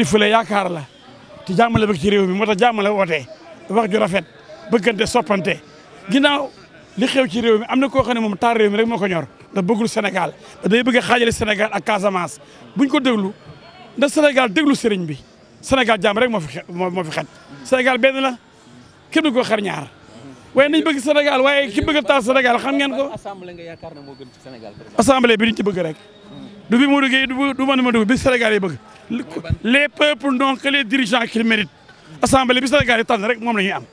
kilifa la yaakaar la te jàmmale bëgg ci réew mi moo tax jàmmale wootee wax ju rafet bëggante soppante gi ginnaaw li xew ci réew mi am na koo xam ne moom taar réew mi rek moo ko ñor da bëggul Sénégal da day bëgg a xaajale Sénégal ak Casamance buñ ko déglu ndax Sénégal déglu sëriñ bi Sénégal jàmm rek moo fi moo fi xet Sénégal benn la kenn du ko xar ñaar waaye nañ bëgg Sénégal waaye ki bëgg a taal Sénégal xam ngeen ko. assemblée nga yaakaar moo gën ci Sénégal. assemblée bi duñ ci bëgg rek. du bi Modou Gueye du man ma dugg bi Sénégal yi bëgg. les peuples n'ont que les dirigeants qu'ils méritent assemblée bi Sénégal yi tànn rek moom la ñuy am